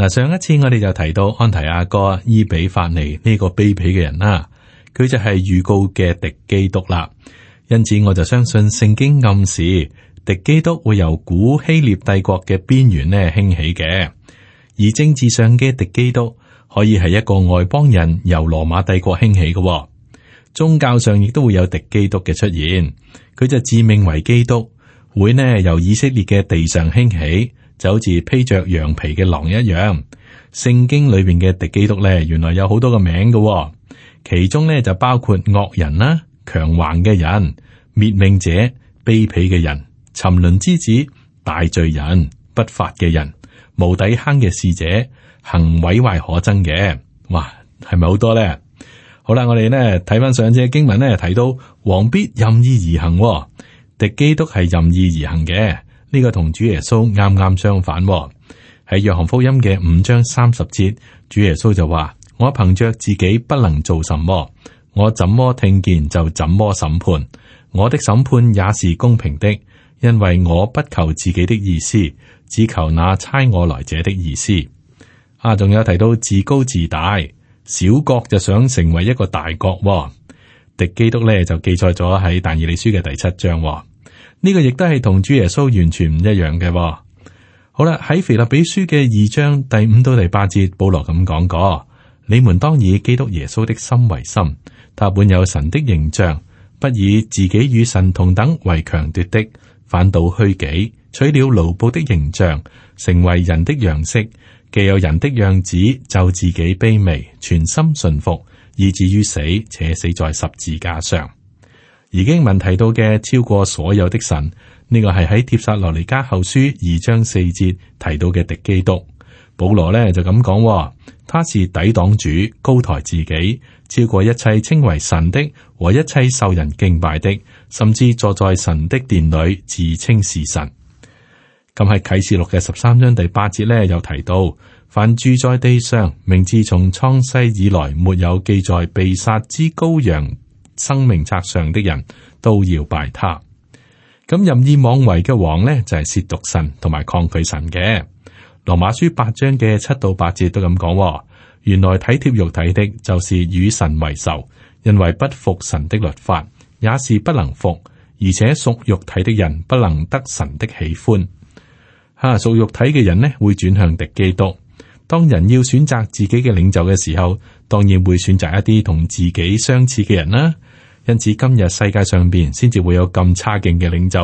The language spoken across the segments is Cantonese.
嗱，上一次我哋就提到安提阿哥伊比法尼呢個卑鄙嘅人啦，佢就係預告嘅敵基督啦。因此我就相信聖經暗示敵基督會由古希臘帝國嘅邊緣呢興起嘅，而政治上嘅敵基督可以係一個外邦人由羅馬帝國興起嘅，哦。宗教上亦都會有敵基督嘅出現，佢就自命為基督，會呢由以色列嘅地上興起。就好似披着羊皮嘅狼一樣，聖經裏邊嘅敵基督咧，原來有好多個名嘅，哦，其中咧就包括惡人啦、強橫嘅人、滅命者、卑鄙嘅人、沉淪之子、大罪人、不法嘅人、無底坑嘅使者，行毀壞可憎嘅，哇，係咪好多咧？好啦，我哋咧睇翻上次經文咧，睇到王必任意而行，哦，敵基督係任意而行嘅。呢個同主耶穌啱啱相反、哦，喺約翰福音嘅五章三十節，主耶穌就話：我憑着自己不能做什麼，我怎麼聽見就怎麼審判，我的審判也是公平的，因為我不求自己的意思，只求那差我來者的意思。啊，仲有提到自高自大，小國就想成為一個大國、哦。敵基督呢就記載咗喺但以理書嘅第七章、哦。呢個亦都係同主耶穌完全唔一樣嘅、哦。好啦，喺腓立比書嘅二章第五到第八節，保羅咁講過：你們當以基督耶穌的心為心，他本有神的形象，不以自己與神同等為強奪的，反倒虛己，取了奴僕的形象，成為人的樣式，既有人的樣子，就自己卑微，全心信服，以至於死，且死在十字架上。而經文提到嘅超過所有的神，呢個係喺帖撒羅尼迦後書二章四節提到嘅敵基督。保羅呢就咁講，他是抵擋主、高抬自己、超過一切稱為神的和一切受人敬拜的，甚至坐在神的殿裏自稱是神。咁喺《啟示錄》嘅十三章第八節呢，又提到凡住在地上，名字從創世以來沒有記載被殺之羔羊生命冊上的人都要拜他，咁任意妄為嘅王呢，就係褻瀆神同埋抗拒神嘅。羅馬書八章嘅七到八節都咁講哦，原來體貼肉體的，就是與神為仇，因為不服神的律法，也是不能服。而且屬肉體的人不能得神的喜歡。啊，屬肉體嘅人呢，會轉向敵基督。當人要選擇自己嘅領袖嘅時候，當然會選擇一啲同自己相似嘅人啦，啊。因此今日世界上邊先至會有咁差勁嘅領袖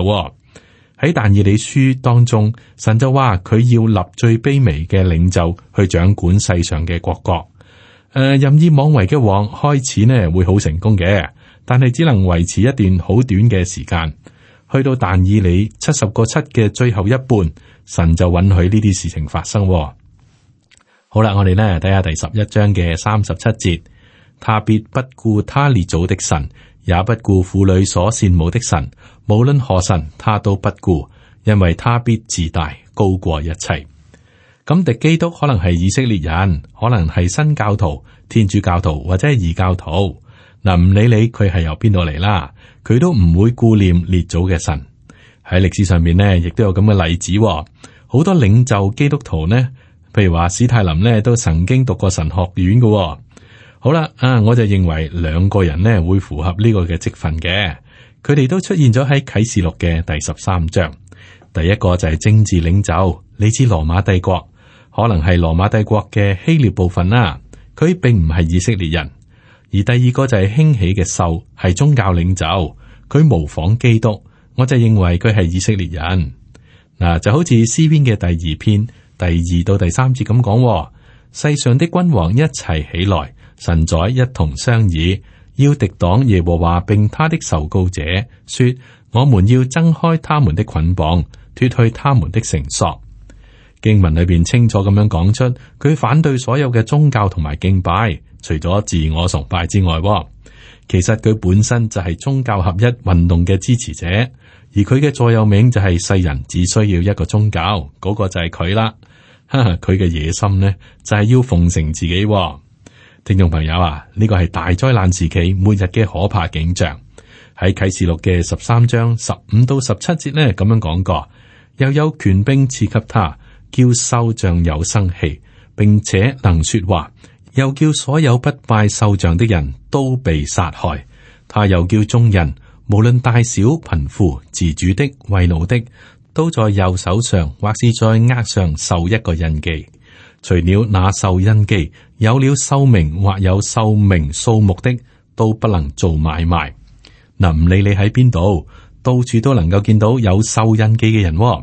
喺、哦、但以理書當中，神就話佢要立最卑微嘅領袖去掌管世上嘅國國，誒、呃、任意妄為嘅王開始呢會好成功嘅，但係只能維持一段好短嘅時間。去到但以理七十個七嘅最後一半，神就允許呢啲事情發生、哦。好啦，我哋呢睇下第十一章嘅三十七節，他必不顧他列祖的神。也不顧婦女所羨慕的神，無論何神，他都不顧，因爲他必自大，高過一切。咁，敵基督可能係以色列人，可能係新教徒，天主教徒或者異教徒，嗱，唔理你佢係由邊度嚟，啦，佢都唔會顧念列祖嘅神。喺歷史上面呢，亦都有咁嘅例子，好多領袖基督徒呢，譬如話史泰林呢，都曾經讀過神學院噶。好啦，啊，我就認為兩個人咧，會符合呢個嘅職分嘅，佢哋都出現咗喺啟示錄嘅第十三章。第一個就係政治領袖，類似羅馬帝國，可能係羅馬帝國嘅希臘部分啦、啊。佢並唔係以色列人，而第二個就係興起嘅獸，係宗教領袖，佢模仿基督，我就認為佢係以色列人嗱、啊，就好似詩篇嘅第二篇第二到第三節咁講，世上的君王一齊起來。神宰一同商議，要敵擋耶和華，並他的受膏者說：我們要掙開他們的捆綁，脫去他們的繩索。經文裏邊清楚咁樣講出，佢反對所有嘅宗教同埋敬拜，除咗自我崇拜之外，其實佢本身就係宗教合一運動嘅支持者。而佢嘅座右銘就係：世人只需要一個宗教，嗰個就係佢啦。哈哈，佢嘅野心呢，就係要奉承自己。聽眾朋友啊，呢、這個係大災難時期每日嘅可怕景象。喺啟示錄嘅十三章十五到十七節呢，咁樣講過，又有權柄賜給他，叫獸像有生氣，並且能說話，又叫所有不拜獸像的人都被殺害。他又叫眾人，無論大小、貧富、自主的、為奴的，都在右手上或是在額上受一個印記。除了那受印記。有了獸名，或有獸名數目的，都不能做買賣。嗱、啊，唔理你喺邊度，到處都能夠見到有受印記嘅人、哦。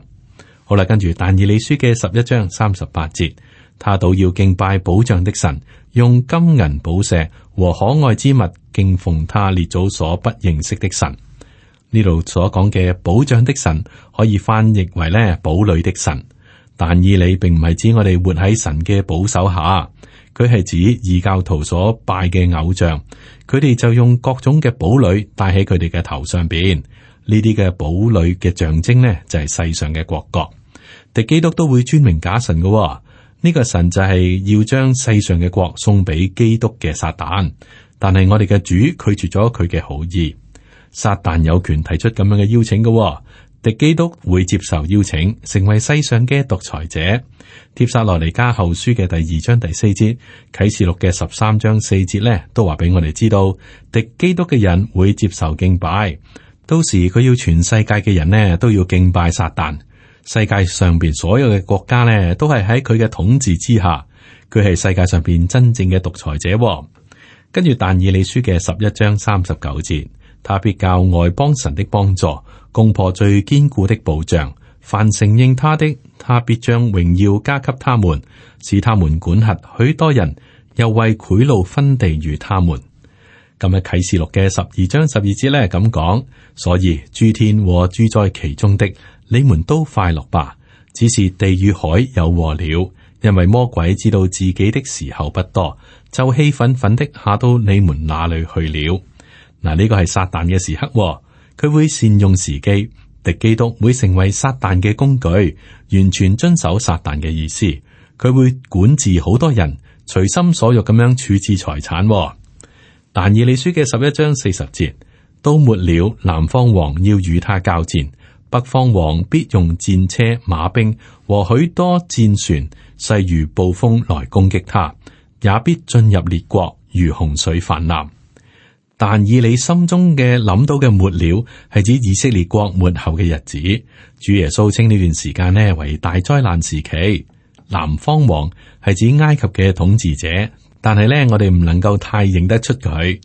好啦，跟住但以理書嘅十一章三十八節，他倒要敬拜保障的神，用金銀寶石和可愛之物敬奉他列祖所不認識的神。呢度所講嘅保障的神，可以翻譯為咧堡壘的神。但以理並唔係指我哋活喺神嘅保守下。佢係指異教徒所拜嘅偶像，佢哋就用各種嘅堡壘戴喺佢哋嘅頭上邊。呢啲嘅堡壘嘅象徵呢，就係、是、世上嘅國國。敵基督都會尊明假神嘅、哦，呢、這個神就係要將世上嘅國送俾基督嘅撒旦。但係我哋嘅主拒絕咗佢嘅好意。撒旦有權提出咁樣嘅邀請嘅、哦，敵基督會接受邀請，成為世上嘅獨裁者。帖撒羅尼加後書嘅第二章第四節，啟示錄嘅十三章四節呢，都話俾我哋知道，敵基督嘅人會接受敬拜，到時佢要全世界嘅人呢都要敬拜撒旦。世界上邊所有嘅國家呢，都係喺佢嘅統治之下，佢係世界上邊真正嘅獨裁者，哦。跟住但以理書嘅十一章三十九節，他必教外邦神的幫助，攻破最堅固的保障。凡承認他的，他必將榮耀加給他們，使他們管轄許多人，又為賄賂分地與他們。今日啟示錄嘅十二章十二節呢咁講，所以諸天和住在其中的，你們都快樂吧。只是地與海有禍了，因為魔鬼知道自己的時候不多，就氣憤憤的下到你們那裏去了。嗱，呢個係撒旦嘅時刻，佢會善用時機。敵基督會成為撒旦嘅工具，完全遵守撒旦嘅意思。佢會管治好多人，隨心所欲咁樣處置財產，哦。但以理書嘅十一章四十節，都末了。南方王要與他交戰，北方王必用戰車、馬兵和許多戰船，勢如暴風來攻擊他，也必進入列國，如洪水泛濫。但以理心中嘅諗到嘅末了，係指以色列國末後嘅日子。主耶穌稱呢段時間呢為大災難時期。南方王係指埃及嘅統治者，但係咧我哋唔能夠太認得出佢。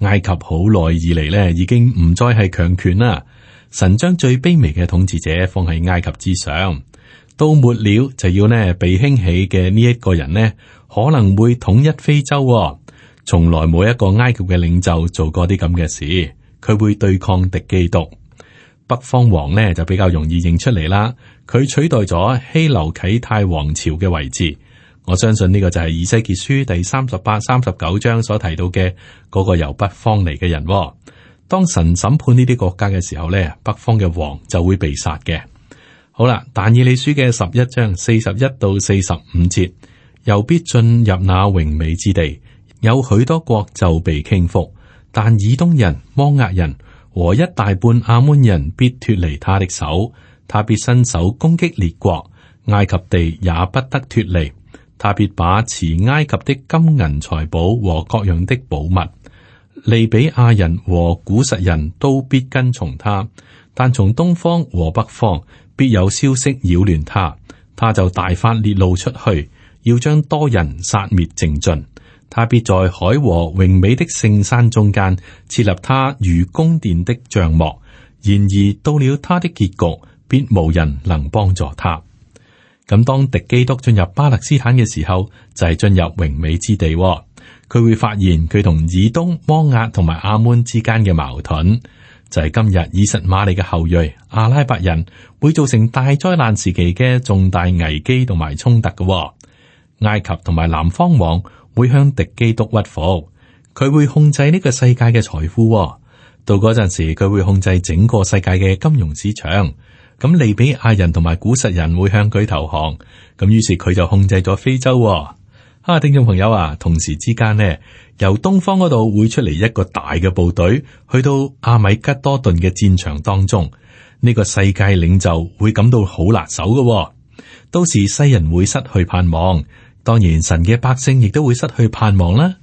埃及好耐以嚟咧已經唔再係強權啦。神將最卑微嘅統治者放喺埃及之上。到末了就要呢被興起嘅呢一個人呢可能會統一非洲啊。從來冇一個埃及嘅領袖做過啲咁嘅事。佢會對抗敵基督。北方王呢，就比較容易認出嚟啦。佢取代咗希留啟泰王朝嘅位置。我相信呢個就係以西結書第三十八、三十九章所提到嘅嗰個由北方嚟嘅人。當神審判呢啲國家嘅時候呢，北方嘅王就會被殺嘅。好啦，但以理書嘅十一章四十一到四十五節，又必進入那榮美之地。有許多國就被傾覆，但以東人、摩押人和一大半亞捫人必脫離他的手。他必伸手攻擊列國，埃及地也不得脫離。他必把持埃及的金銀財寶和各樣的寶物。利比亞人和古實人都必跟從他，但從東方和北方必有消息擾亂他。他就大發烈怒出去，要將多人殺滅，淨盡。他必在海和榮美的聖山中間設立他如宮殿的帳幕。然而到了他的結局，必無人能幫助他。咁當敵基督進入巴勒斯坦嘅時候，就係、是、進入榮美之地、哦。佢會發現佢同以東、摩押同埋阿門之間嘅矛盾就係、是、今日以實瑪利嘅後裔阿拉伯人會造成大災難時期嘅重大危機同埋衝突嘅、哦、埃及同埋南方王。會向敵基督屈服，佢會控制呢個世界嘅財富、哦。到嗰陣時，佢會控制整個世界嘅金融市場。咁利比亞人同埋古實人會向佢投降。咁於是佢就控制咗非洲、哦。啊，聽眾朋友啊，同時之間呢，由東方嗰度會出嚟一個大嘅部隊，去到阿米吉多頓嘅戰場當中，呢、呢個世界領袖會感到好辣手嘅、哦。到時西人會失去盼望。當然，神嘅百姓亦都會失去盼望啦。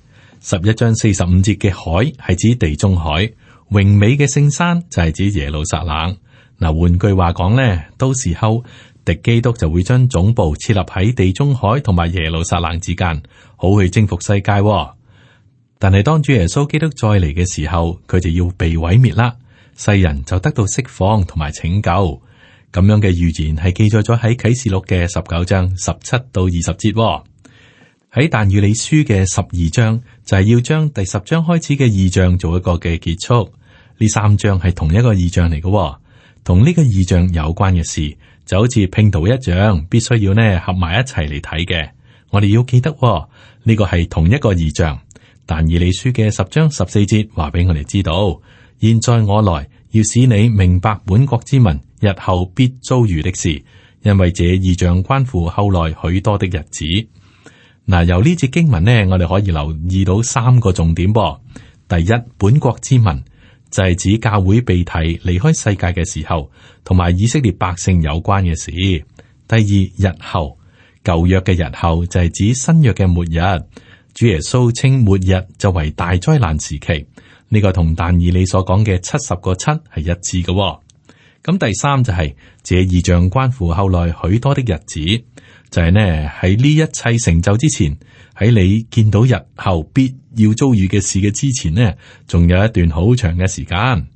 十一章四十五節嘅海係指地中海，榮美嘅聖山就係指耶路撒冷。嗱，換句話講咧，到時候敵基督就會將總部設立喺地中海同埋耶路撒冷之間，好去征服世界。但係當主耶穌基督再嚟嘅時候，佢就要被毀滅啦，世人就得到釋放同埋拯救。咁樣嘅預言係記載咗喺啟示錄嘅十九章十七到二十節喎、哦。喺但以理書嘅十二章就係、是、要將第十章開始嘅異象做一個嘅結束。呢三章係同一個異象嚟嘅、哦，同呢個異象有關嘅事就好似拼圖一樣，必須要呢合埋一齊嚟睇嘅。我哋要記得呢、哦這個係同一個異象。但以理書嘅十章十四節話俾我哋知道，現在我來。要使你明白本國之民日後必遭遇的事，因為這異象關乎後來許多的日子。嗱，由呢節經文呢，我哋可以留意到三個重點噃。第一，本國之民就係指教會被提離開世界嘅時候，同埋以色列百姓有關嘅事。第二，日後，舊約嘅日後就係指新約嘅末日，主耶穌稱末日就為大災難時期。呢個同但以理所講嘅七十個七係一致嘅、哦，咁第三就係、是，這異象關乎後來許多的日子，就係、是、呢喺呢一切成就之前，喺你見到日後必要遭遇嘅事嘅之前呢，仲有一段好長嘅時間。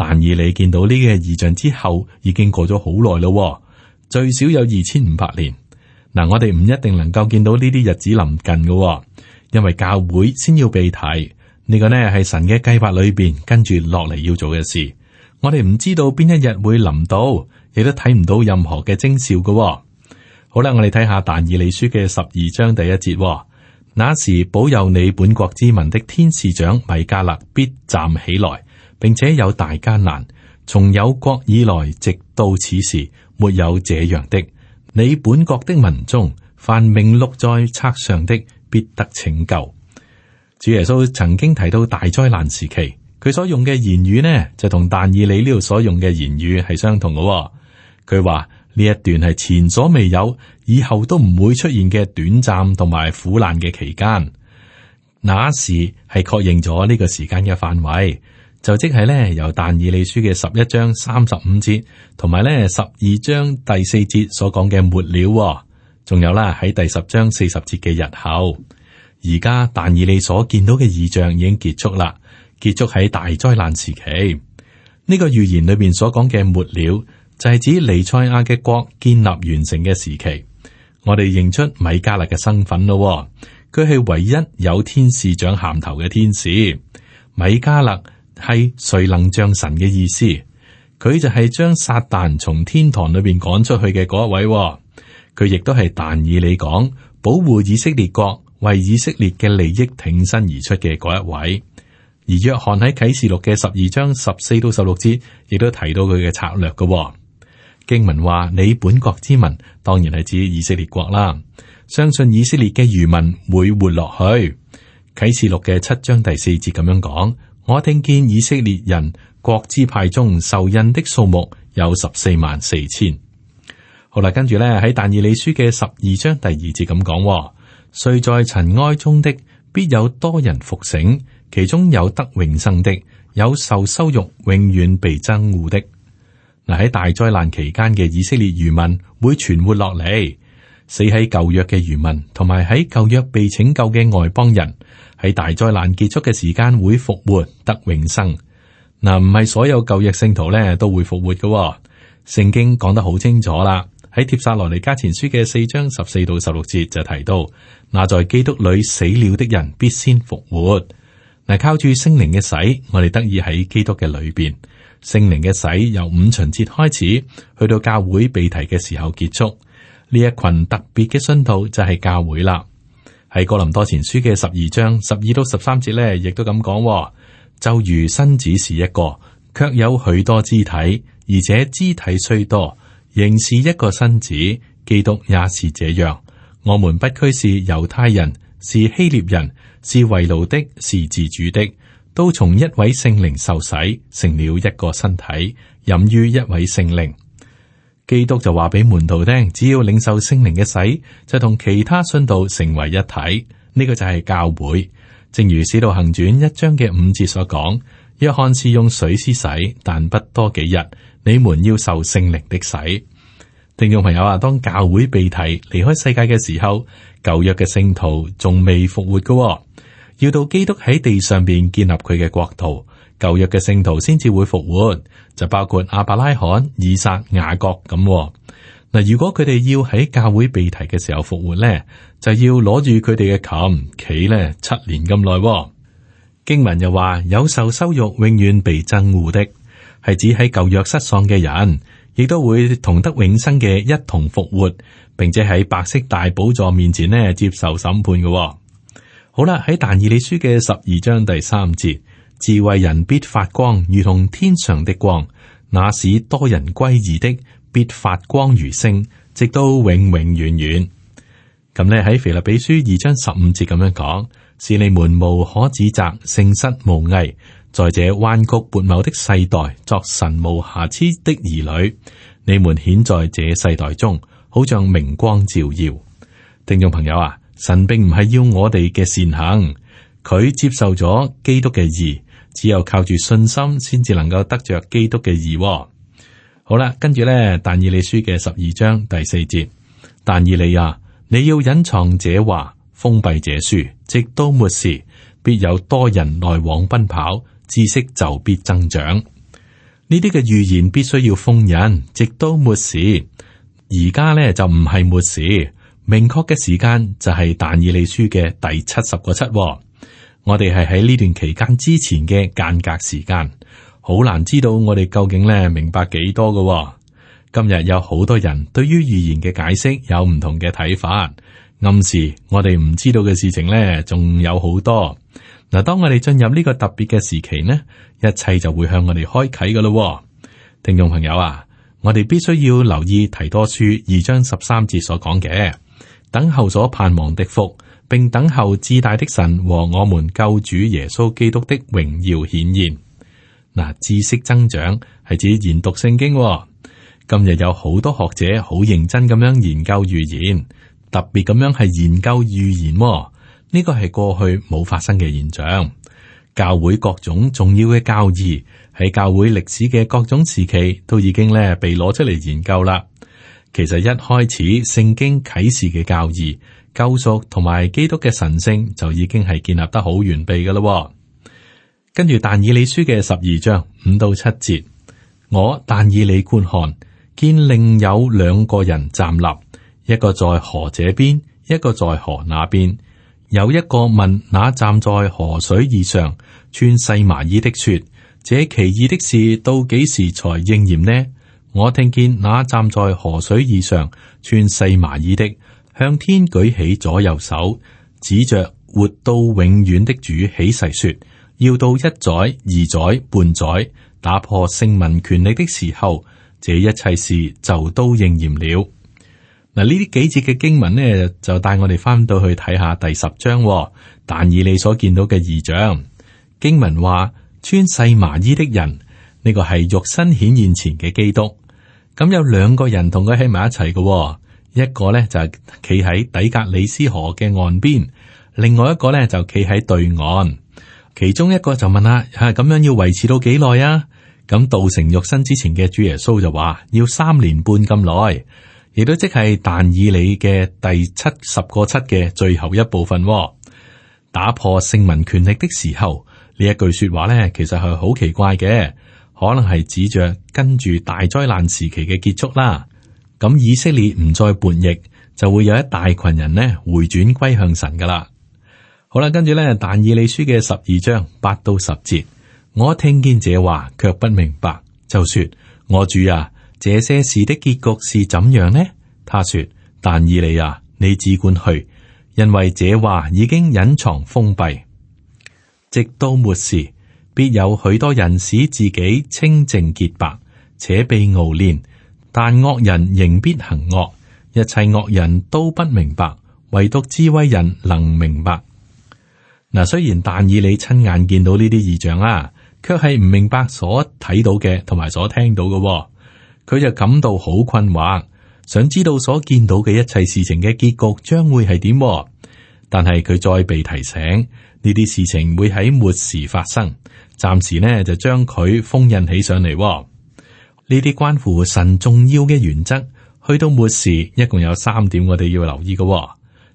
但以理見到呢個異象之後，已經過咗好耐咯，最少有二千五百年。嗱、啊，我哋唔一定能夠見到呢啲日子臨近嘅、哦，因為教會先要被提。呢個呢係神嘅計劃裏邊跟住落嚟要做嘅事，我哋唔知道邊一日會臨到，亦都睇唔到任何嘅徵兆嘅、哦。好啦，我哋睇下但以理書嘅十二章第一節、哦。那時保佑你本國之民的天使長米加勒必站起來，並且有大艱難，從有國以來直到此時沒有這樣的。你本國的民眾，凡名錄在冊上的，必得拯救。主耶穌曾經提到大災難時期，佢所用嘅言語呢，就同但以理呢度所用嘅言語係相同嘅，哦。佢話呢一段係前所未有，以後都唔會出現嘅短暫同埋苦難嘅期間。那時係確認咗呢個時間嘅範圍，就即係咧由但以理書嘅十一章三十五節，同埋咧十二章第四節所講嘅末了，仲有啦喺第十章四十節嘅日後。而家但以理所見到嘅異象已經結束啦，結束喺大災難時期呢，這個預言裏邊所講嘅末了就係、是，指尼塞亞嘅國建立完成嘅時期。我哋認出米迦勒嘅身份咯，哦，佢係唯一有天使長銜頭嘅天使。米迦勒係誰能將神嘅意思？佢就係將撒旦從天堂裏邊趕出去嘅嗰一位，哦。佢亦都係但以理講保護以色列國。為以色列嘅利益挺身而出嘅嗰一位，而約翰喺啟示錄嘅十二章十四到十六節，亦都提到佢嘅策略嘅、哦、經文話：你本國之民，當然係指以色列國啦。相信以色列嘅餘民會活落去。啟示錄嘅七章第四節咁樣講：我聽見以色列人國之派中受印的數目有十四萬四千。好啦，跟住咧喺但以理書嘅十二章第二節咁講喎。睡在塵埃中的，必有多人復醒，其中有得永生的，有受羞辱、永遠被憎惡的。嗱、啊、喺大災難期間嘅以色列漁民會存活落嚟，死喺舊約嘅漁民同埋喺舊約被拯救嘅外邦人，喺大災難結束嘅時間會復活得永生。嗱，唔係所有舊約聖徒咧都會復活嘅、哦，聖經講得好清楚啦。喺帖撒羅尼加前書嘅四章十四到十六節就提到，那在基督裏死了的人必先復活。嗱，靠住聖靈嘅洗，我哋得以喺基督嘅裏邊。聖靈嘅洗由五旬節開始，去到教會被提嘅時候結束。呢一群特別嘅信徒就係教會啦。喺哥林多前書嘅十二章十二到十三節呢，亦都咁講，哦，就如身子是一個，卻有許多肢體，而且肢體雖多。仍是一個身子，基督也是這樣。我們不拘是猶太人，是希臘人，是為奴的，是自主的，都從一位聖靈受洗，成了一個身體，飲於一位聖靈。基督就話俾門徒聽：只要領受聖靈嘅洗，就同其他信道成為一體。呢、這個就係教會。正如使徒行傳一章嘅五節所講：約翰是用水施洗，但不多幾日。你們要受聖靈的洗。聽眾朋友啊，當教會被提離開世界嘅時候，舊約嘅聖徒仲未復活嘅、哦，要到基督喺地上邊建立佢嘅國度，舊約嘅聖徒先至會復活，就包括亞伯拉罕、以撒、雅各咁。嗱，如果佢哋要喺教會被提嘅時候復活咧，就要攞住佢哋嘅琴，企咧七年咁耐、哦。經文又話，有受羞辱，永遠被憎惡的。係指喺舊約失喪嘅人，亦都會同得永生嘅一同復活，並且喺白色大寶座面前呢接受審判嘅、哦。好啦，喺但以理書嘅十二章第三節，智慧人必發光，如同天上的光；那使多人歸義的，必發光如星，直到永永遠遠。咁呢，喺腓立比書二章十五節咁樣講，使你們無可指責，誠實無偽。在這彎曲悖謬的世代作神無瑕疵的兒女，你們顯在這世代中，好像明光照耀。聽眾朋友啊，神並唔係要我哋嘅善行，佢接受咗基督嘅義，只有靠住信心先至能夠得着基督嘅義喎。好啦，跟住咧，但以理書嘅十二章第四節，但以理啊，你要隱藏這話，封閉這書，直到末時，必有多人來往奔跑。知識就必增長，呢啲嘅預言必須要封印，直到末時。而家呢，就唔係末時，明確嘅時間就係但以理書嘅第七十個七哦。我哋係喺呢段期間之前嘅間隔時間，好難知道我哋究竟呢明白幾多嘅哦。今日有好多人對於預言嘅解釋有唔同嘅睇法，暗示我哋唔知道嘅事情呢，仲有好多。嗱，當我哋進入呢個特別嘅時期呢，一切就會向我哋開啟噶咯。聽眾朋友啊，我哋必須要留意提多書二章十三節所講嘅，等候所盼望的福，並等候至大的神和我們救主耶穌基督的榮耀顯現。嗱，知識增長係指研讀聖經。今日有好多學者好認真咁樣研究預言，特別咁樣係研究預言。呢個係過去冇發生嘅現象。教會各種重要嘅教義喺教會歷史嘅各種時期都已經咧被攞出嚟研究啦。其實一開始聖經啟示嘅教義救贖同埋基督嘅神聖就已經係建立得好完備噶啦。跟住但以理書嘅十二章五到七節，我但以理觀看，見另有兩個人站立，一個在河這邊，一個在河那邊。有一個問那站在河水以上穿細麻衣的說：這奇異的事到幾時才應驗呢？我聽見那站在河水以上穿細麻衣的向天舉起左右手，指着活到永遠的主起誓說：要到一載、二載、半載打破聖民權力的時候，這一切事就都應驗了。嗱，呢啲幾節嘅經文呢，就帶我哋翻到去睇下第十章、哦。但以你所見到嘅異象，經文話，穿細麻衣的人呢、呢個係肉身顯現前嘅基督。咁、嗯、有兩個人同佢喺埋一齊嘅、哦，一個呢就係企喺底格里斯河嘅岸邊，另外一個呢就企喺對岸。其中一個就問啦吓，咁、啊、樣要維持到幾耐啊？咁、嗯、道成肉身之前嘅主耶穌就話要三年半咁耐。亦都即係但以理嘅第七十個七嘅最後一部分，哦，打破聖民權力的時候，呢一句說話呢，其實係好奇怪嘅，可能係指著跟住大災難時期嘅結束啦。咁以色列唔再叛逆，就會有一大群人呢回轉歸向神噶啦。好啦，跟住呢，但以理書嘅十二章八到十節，我一聽見這話，卻不明白，就說：我主啊！這些事的結局是怎樣呢？他說：但以理啊，你只管去，因為這話已經隱藏封閉，直到末時，必有許多人使自己清淨潔白，且被熬煉。但惡人仍必行惡，一切惡人都不明白，唯獨智慧人能明白。嗱，雖然但以理親眼見到呢啲異象啊，卻係唔明白所睇到嘅，同埋所聽到嘅。佢就感到好困惑，想知道所見到嘅一切事情嘅結局將會係點、哦。但係佢再被提醒，呢啲事情會喺末時發生，暫時呢就將佢封印起上嚟、哦。呢啲關乎神重要嘅原則，去到末時一共有三點，我哋要留意嘅、哦。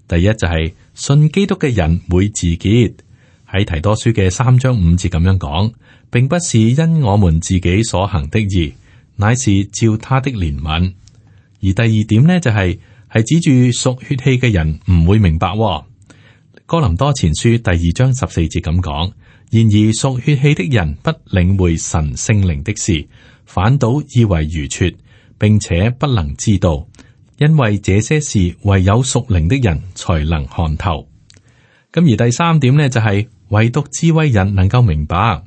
第一就係、是、信基督嘅人會自結，喺提多書嘅三章五節咁樣講，並不是因我們自己所行的義。乃是照他的憐憫，而第二點呢、就是，就係係指住屬血氣嘅人唔會明白、哦。哥林多前書第二章十四節咁講：，然而屬血氣的人不領會神聖靈的事，反倒以為愚拙，並且不能知道，因為這些事唯有屬靈的人才能看透。咁而第三點呢、就是，就係唯獨智慧人能夠明白。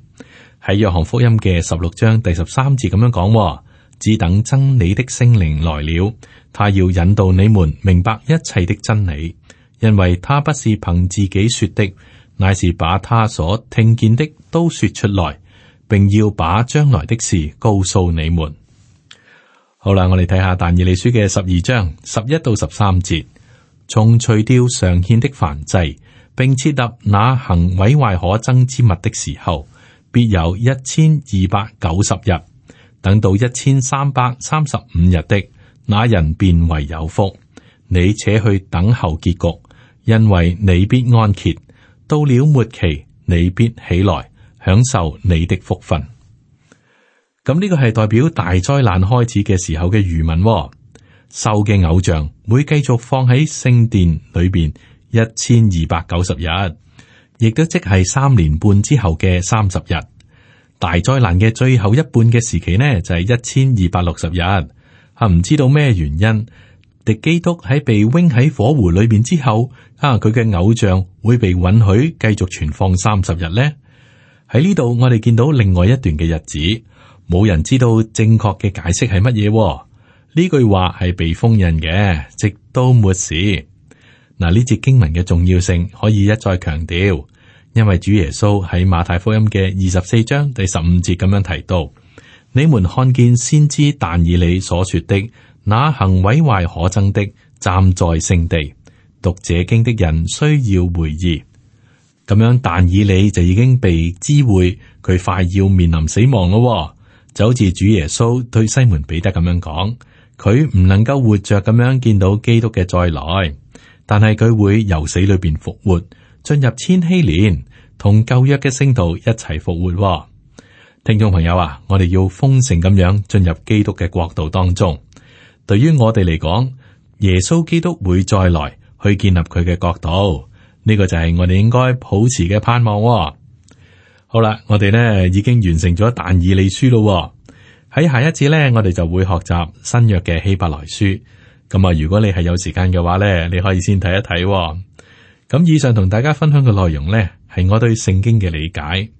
喺約翰福音嘅十六章第十三節咁樣講：，只等真理的聖靈來了，他要引導你們明白一切的真理，因為他不是憑自己說的，乃是把他所聽見的都說出來，並要把將來的事告訴你們。好啦，我哋睇下但以理書嘅十二章十一到十三節，從除掉常獻的燔祭，並設立那行毀壞可憎之物的時候。必有一千二百九十日，等到一千三百三十五日的那人便為有福。你且去等候結局，因為你必安歇，到了末期，你必起來享受你的福分。咁呢個係代表大災難開始嘅時候嘅漁民、哦，獸嘅偶像會繼續放喺聖殿裏邊一千二百九十日。亦都即係三年半之後嘅三十日，大災難嘅最後一半嘅時期呢，就係一千二百六十日。啊，唔知道咩原因，敵基督喺被扔喺火湖裏面之後，啊，佢嘅偶像會被允許繼續存放三十日呢？喺呢度，我哋見到另外一段嘅日子，冇人知道正確嘅解釋係乜嘢。呢、啊、句話係被封印嘅，直到末時。嗱，呢節經文嘅重要性可以一再強調，因為主耶穌喺馬太福音嘅二十四章第十五節咁樣提到：「你們看見先知但以理所說的那行毀壞可憎的站在聖地，讀這經的人需要回憶。咁樣，但以理就已經被知會，佢快要面臨死亡咯。就好似主耶穌對西門彼得咁樣講，佢唔能夠活着咁樣見到基督嘅再來。但係佢會由死裏面復活，進入千禧年，同舊約嘅聖徒一齊復活，哦。聽眾朋友啊，我哋要豐盛咁樣進入基督嘅國度當中。對於我哋嚟講，耶穌基督會再來去建立佢嘅國度，呢，這個就係我哋應該抱持嘅盼望，哦。好啦，我哋呢已經完成咗但以理書咯，哦，喺下一次呢，我哋就會學習新約嘅希伯來書。咁啊，如果你係有時間嘅話呢，你可以先睇一睇。咁以上同大家分享嘅內容呢，係我對聖經嘅理解。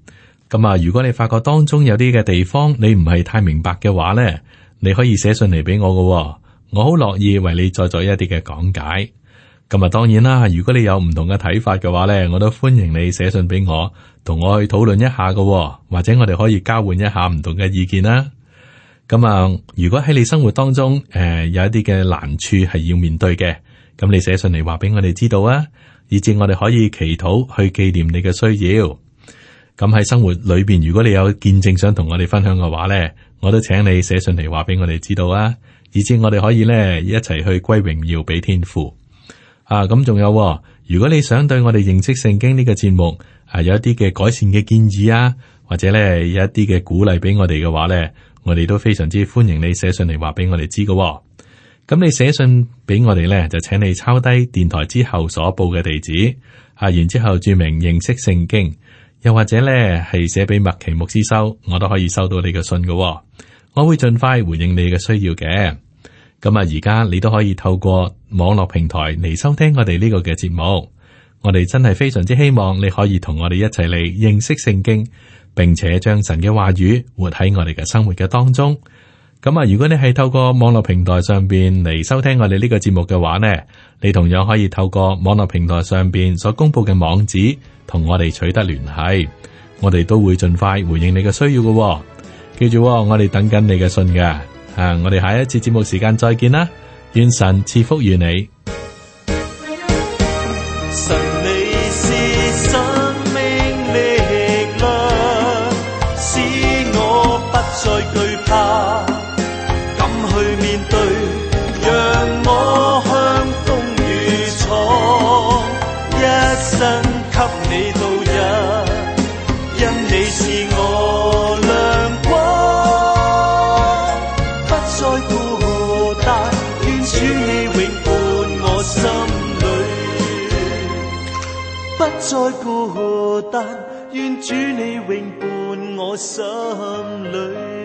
咁啊，如果你發覺當中有啲嘅地方你唔係太明白嘅話呢，你可以寫信嚟俾我噶，我好樂意為你再做一啲嘅講解。咁啊，當然啦，如果你有唔同嘅睇法嘅話呢，我都歡迎你寫信俾我，同我去討論一下噶，或者我哋可以交換一下唔同嘅意見啦。咁啊，如果喺你生活當中誒、呃、有一啲嘅難處係要面對嘅，咁你寫信嚟話俾我哋知道啊，以致我哋可以祈禱去紀念你嘅需要。咁喺生活裏邊，如果你有見證想同我哋分享嘅話咧，我都請你寫信嚟話俾我哋知道啊，以致我哋可以咧一齊去歸榮耀俾天父啊。咁仲有、哦，如果你想對我哋認識聖經呢、這個節目啊，有一啲嘅改善嘅建議啊，或者咧有一啲嘅鼓勵俾我哋嘅話咧。我哋都非常之歡迎你寫信嚟，話俾我哋知嘅，咁你寫信俾我哋呢，就請你抄低電台之後所報嘅地址，吓，然之後注明認識聖經，又或者呢係寫俾麥奇牧師收，我都可以收到你嘅信嘅。哦，我會盡快回應你嘅需要嘅。咁啊，而家你都可以透過網絡平台嚟收聽我哋呢個嘅節目，我哋真係非常之希望你可以同我哋一齊嚟認識聖經。並且將神嘅話語活喺我哋嘅生活嘅當中。咁啊，如果你係透過網絡平台上邊嚟收聽我哋呢個節目嘅話呢，你同樣可以透過網絡平台上邊所公佈嘅網址同我哋取得聯繫，我哋都會盡快回應你嘅需要嘅。記住，我哋等緊你嘅信嘅啊！我哋下一次節目時間再見啦，願神賜福於你。主，你永伴我心裏。